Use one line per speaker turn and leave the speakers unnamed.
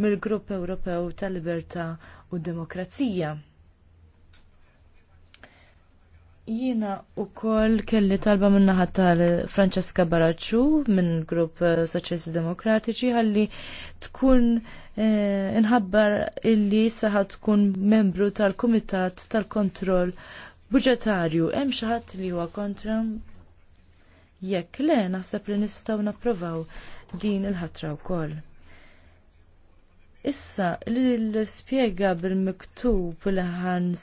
mill-Grupp Ewropew tal-Libertà u Demokrazija. Jiena wkoll kelli talba min-naħa tal-Franceska Baracċu minn grupp Soċjalisti Demokratiċi ħalli tkun eh, inħabbar illi saħa tkun membru tal-Kumitat tal-Kontroll Budġetarju. Hemm xi ħadd li huwa kontra jekk le naħseb li nistgħu napprovaw din il-ħatra wkoll. Issa, li l-spiega bil-miktub li ħan